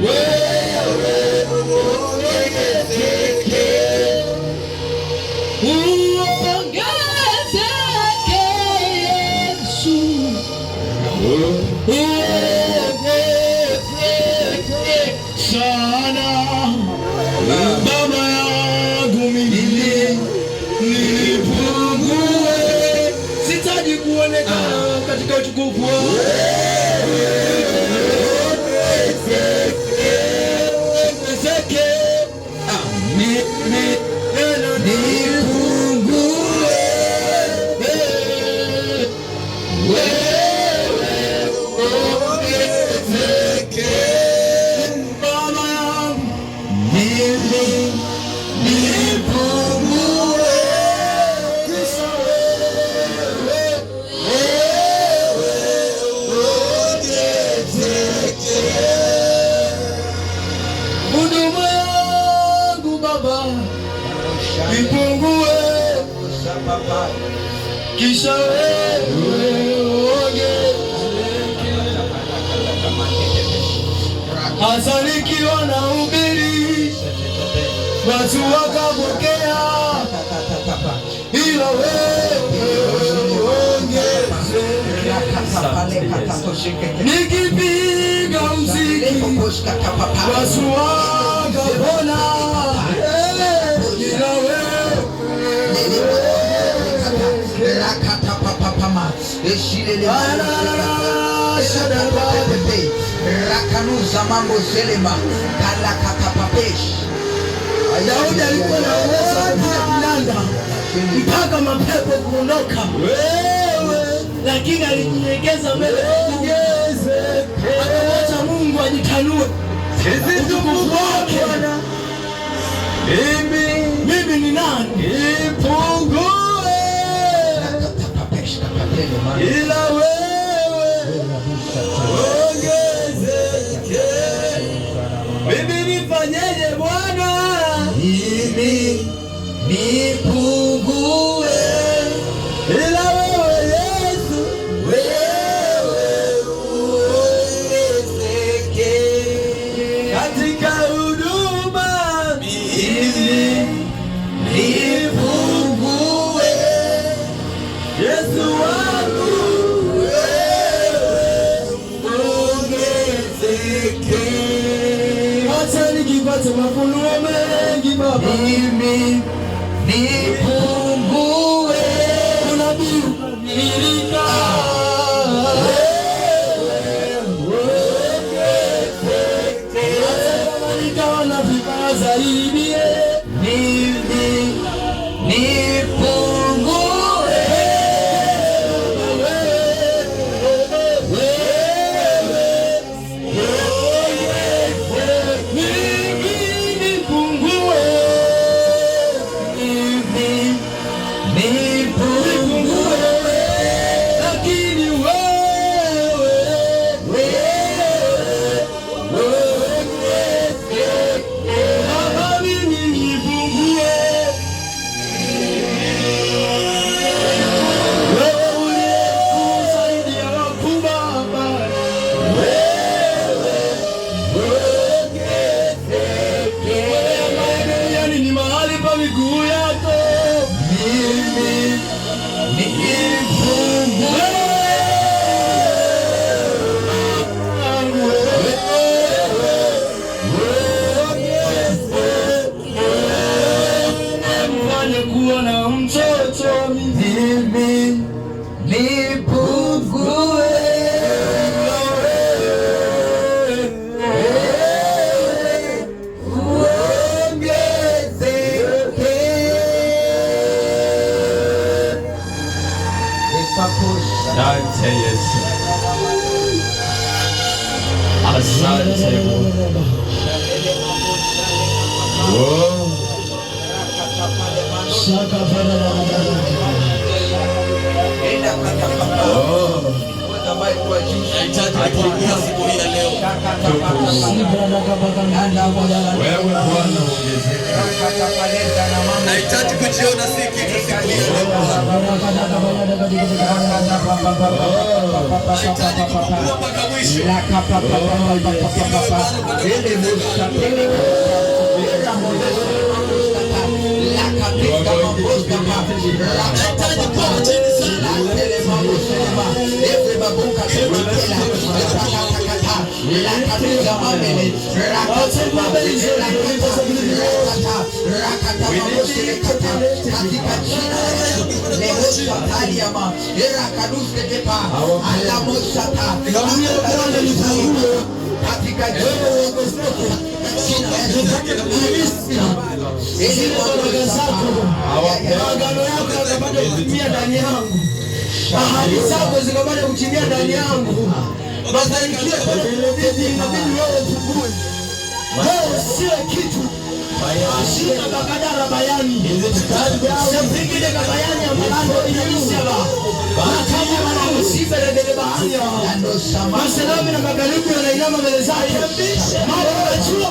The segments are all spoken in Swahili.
Whoa! kisha wewe uoge. Hasa nikiwa nahubiri watu wakapokea, ila wewe nikipiga mziki wasuwagapona shilelepepe ah, rakanuza mambo selema kalakakapapeshi. Daudi alikuwa na uwezo kulanda mpaka mapepo kuondoka, lakini alijinyenyekeza mbele akamwacha Mungu ajitanue utukufu wake. Mimi ni nani? ila wewe ongezeke. Mimi nifanyeje Bwana? It Says, at a side table. Whoa. Whoa. Akiingia siku hii ya leo, wewe Bwana ongezeka. Nahitaji kujiona si kitu siku hii ya leo. Nahitaji kukuona mpaka mwisho Agano yako yatabaki kutimia ndani yangu. Ahadi zako zikapate kutimia ndani yangu, mafanikio inabidi wewe ufungue. Wewe sio kitu ashina bakadara bayani sepingile kabayani amalando inemiseba maselami na magharibi yanainama mbele zake mara unajua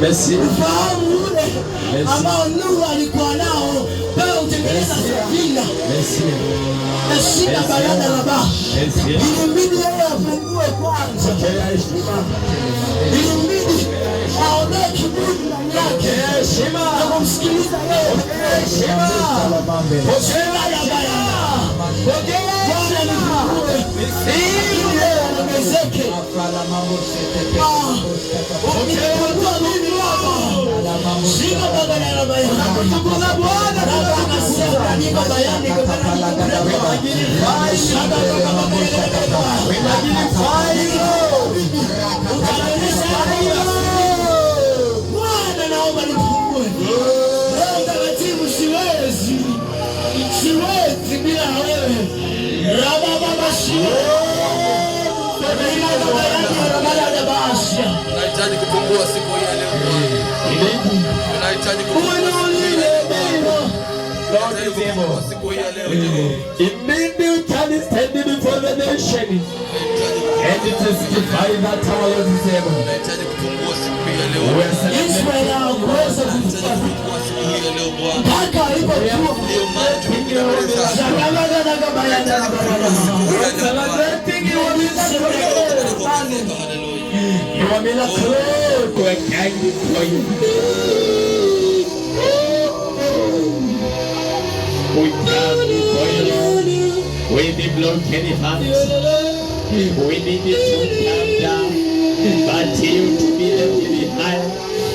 Merci wenu ambao Nuhu alikuwa nao, wewe utengeneza safina nashinda barada la Baha. Ilimbidi yeye afungue kwanza, ilimbidi aondoe kiburi ndani yake na kumsikiliza yeye. Hosea ya baraka ongezeke ukipungua mimi Baba Niko nahitaji kupungua siku Immediately standing before the nation and it is divine that our Lord is able. Israel anaweza mpaka iko tu You are miracle. We come before you, Lord. We need broken hearts. We need you to come down, but you to be lifted high.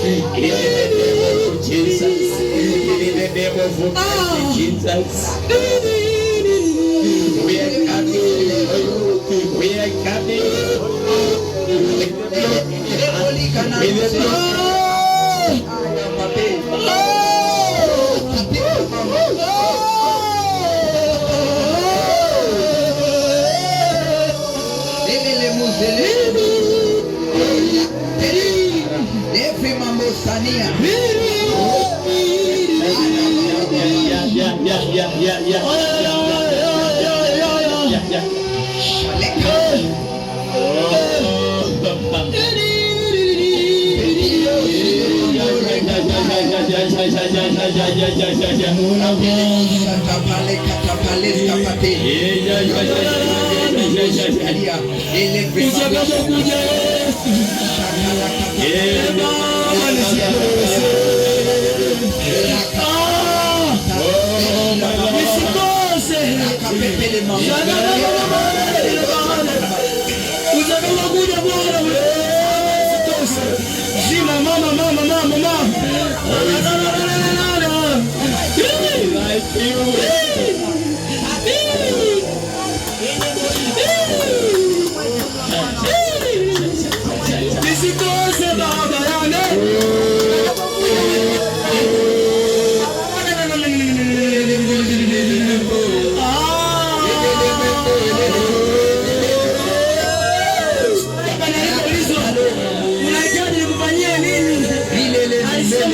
In the name of Jesus. In the name of Jesus. We are coming before you. We are coming before you. With the broken hearts. With the broken Hallelujah.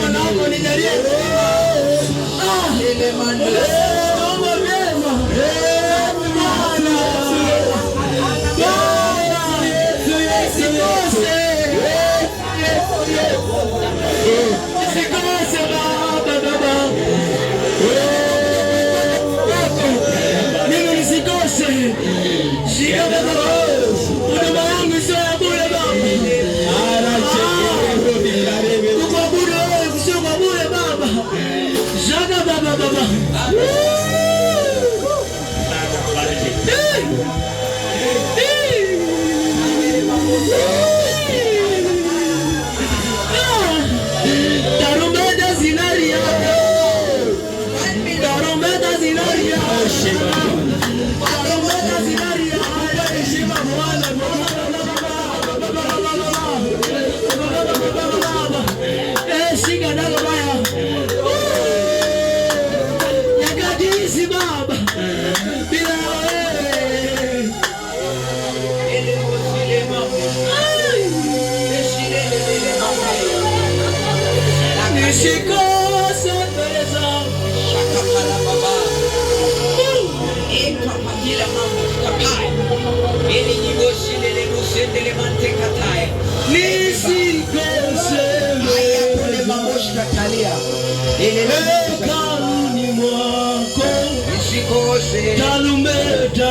mwanangu nijalie ah,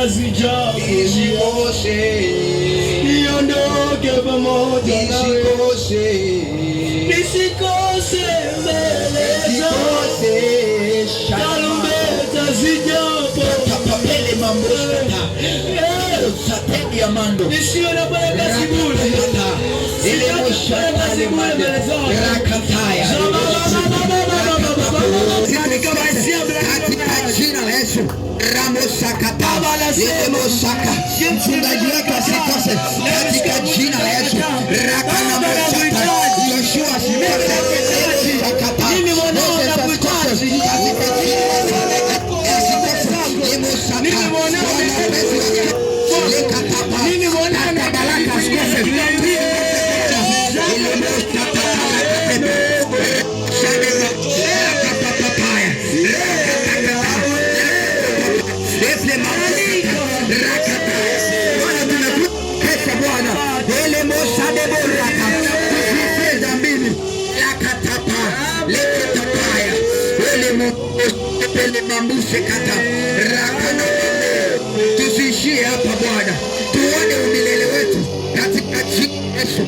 kazi japo nisikose, niondoke pamoja nawe nisikose, nisikose mbele zako, tarumbeta zijapo mambo sateni ya mando nisiwe na baraka zibure, ile baraka zibure mbele zako rakataya katika jina la Yesu ramosa Mchungaji wetu asikose katika jina la Yesu. kata rakana tusiishie hapa Bwana, tuone umilele wetu katika jina Yesu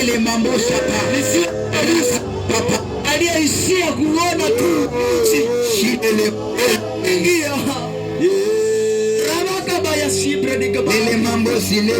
ili mambusha aliyeishia kuona tu ramakabayasibrenikabele mambo zile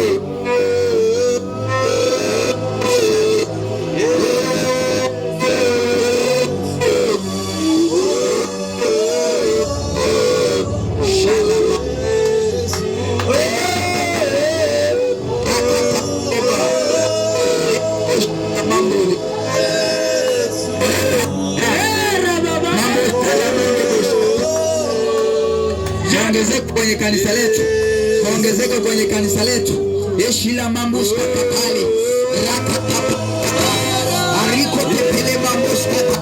kwenye kanisa letu, kwa kwenye kanisa letu yeshila mambuska papali rakatapa ariko tepele mambuska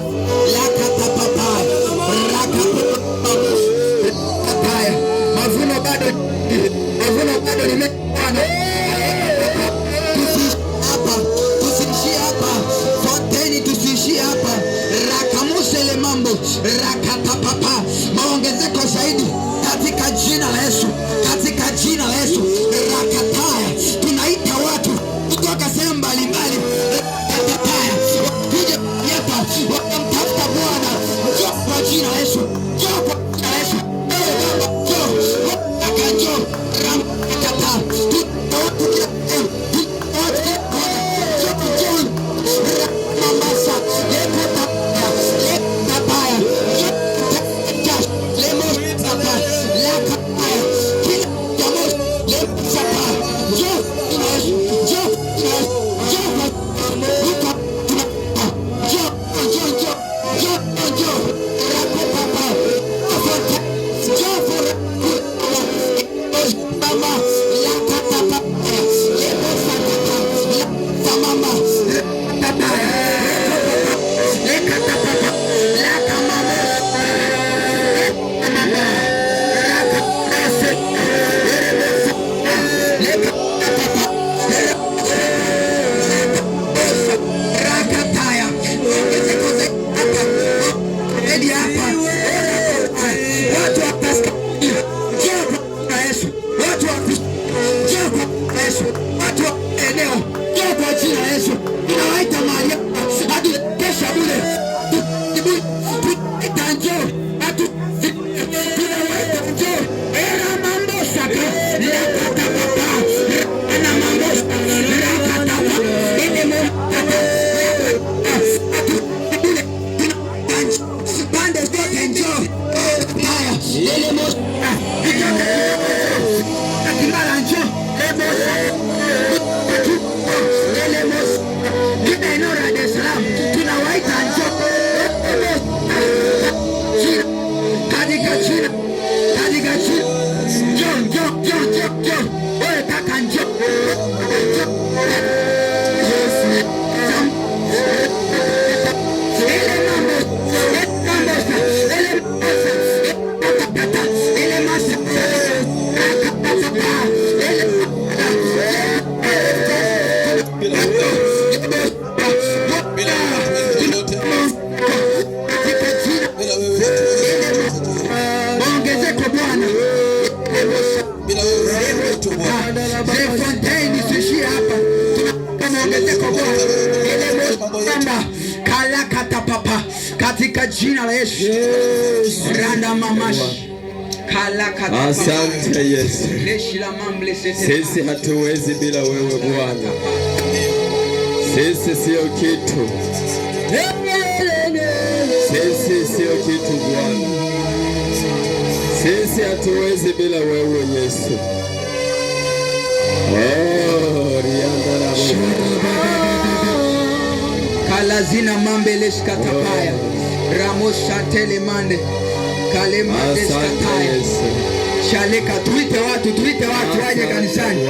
jina la Yesu. Randa mamashi Asante Yesu, sisi hatuwezi bila wewe Bwana, sisi siyo kitu, sisi sio kitu Bwana, sisi hatuwezi bila wewe Yesu. Oh, rianda la kala zina mambeleshi oh ramoshantelemande kalemadeskataya shaleka. Tuite watu, tuite watu waje kanisani,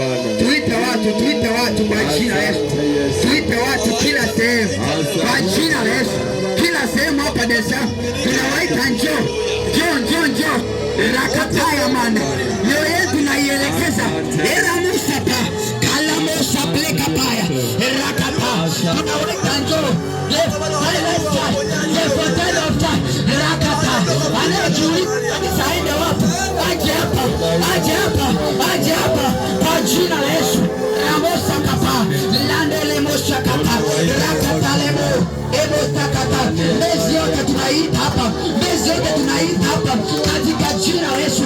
tuite watu, tuite watu kwa jina la Yesu, tuite watu kila sehemu kwa jina la Yesu, kila sehemu hapa desa tunawaita njoo, njoo, njoo, njoo rakataya manda mioyo yetu naielekeza eramusapa kalamosaplekapaya rakata tunawaita njoo anayejiuliza nisaende wapi, aje hapa, aje hapa, aje hapa kwa yote tunaita hapa, mbezi yote tunaita hapa katika jina la Yesu.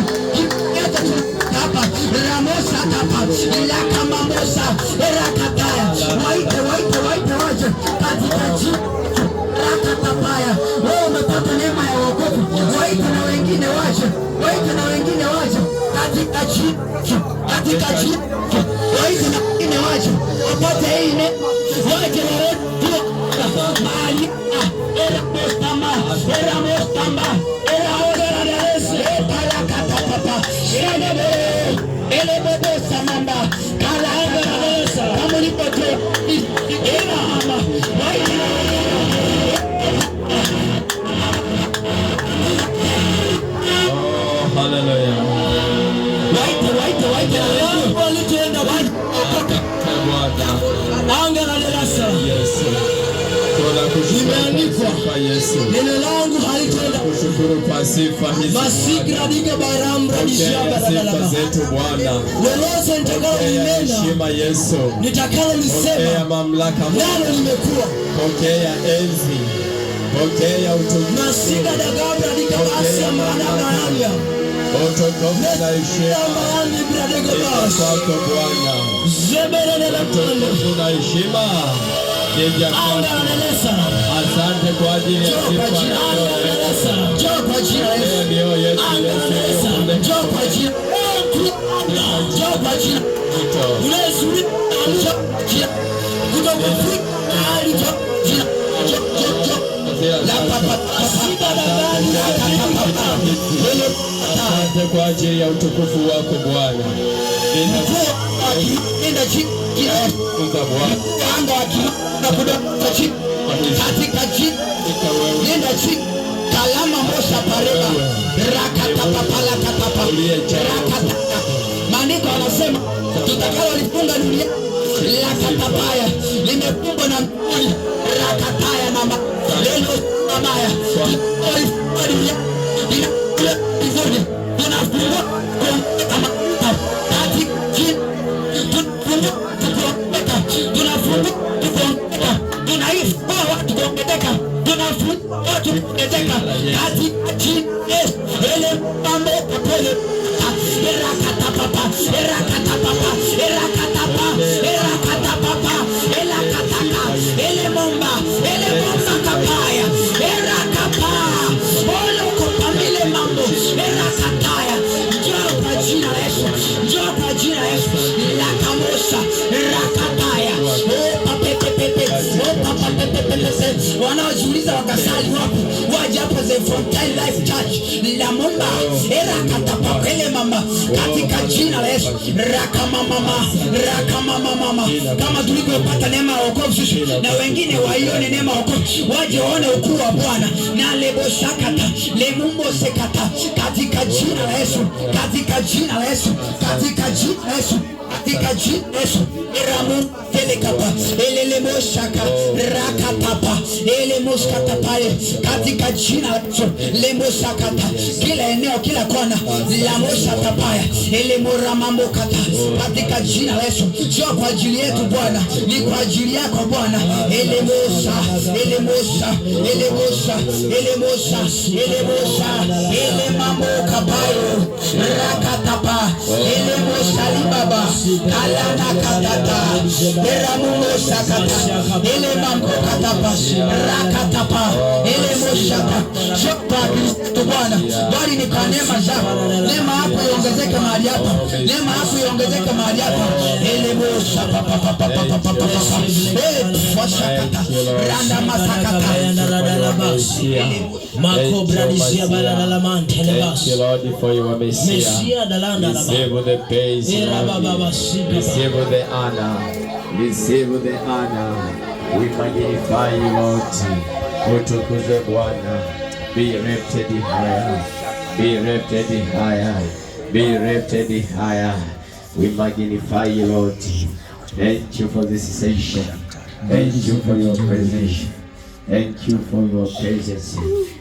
hakika waje wapate hii waje bwana yesu Neno langu halitaenda masikradika lolote nitakalo linena nitakalo lisema nalo limekuwa masikadagabradikaasiamaanabaraya zeberenelekando angalalesa Asante kwa ajili ya sifa. Njoo kwa jina la Yesu. Njoo kwa jina la Yesu. Unayezuri njoo kutokufuka hali njoo jina la papa shida na ndani ya kaka Asante kwa ajili ya utukufu wako Bwana. Ninakuwa akienda chini kila watasali wapi? Waje hapa The Fountain Life Church. Namomba era katapakele mama, katika jina la Yesu. Rakamamama, rakamamamama, kama tulivyopata neema ya wokovu sisi na wengine waione neema ya wokovu, waje waone ukuu wa Bwana na lebosakata lemumbo sekata, katika jina la Yesu, katika jina la Yesu, katika jina la Yesu, katika jina la Yesu eramu pelekapa elelemoshaka rakatapa elemoskatapaye katika jina la lemosakata kila eneo kila kona lamosatapaya elemoramamokata katika jina la Yesu sio kwa ajili yetu Bwana ni kwa ajili yako Bwana elemosa elemosa elemosa elemosa elemosa elemamokapayo rakatapa elemosalibaba kalanakatata Kristo Bwana, bali ni kwa neema zako. Neema yako iongezeke mahali hapa, neema yako iongezeke mahali hapa. Receive the honor. Receive the honor. We magnify you, Lord. Utukuzwe Bwana. Be lifted higher. Be lifted higher. Be lifted higher. We magnify you, Lord. Thank you for this session. Thank you for your presence. Thank you for your presence.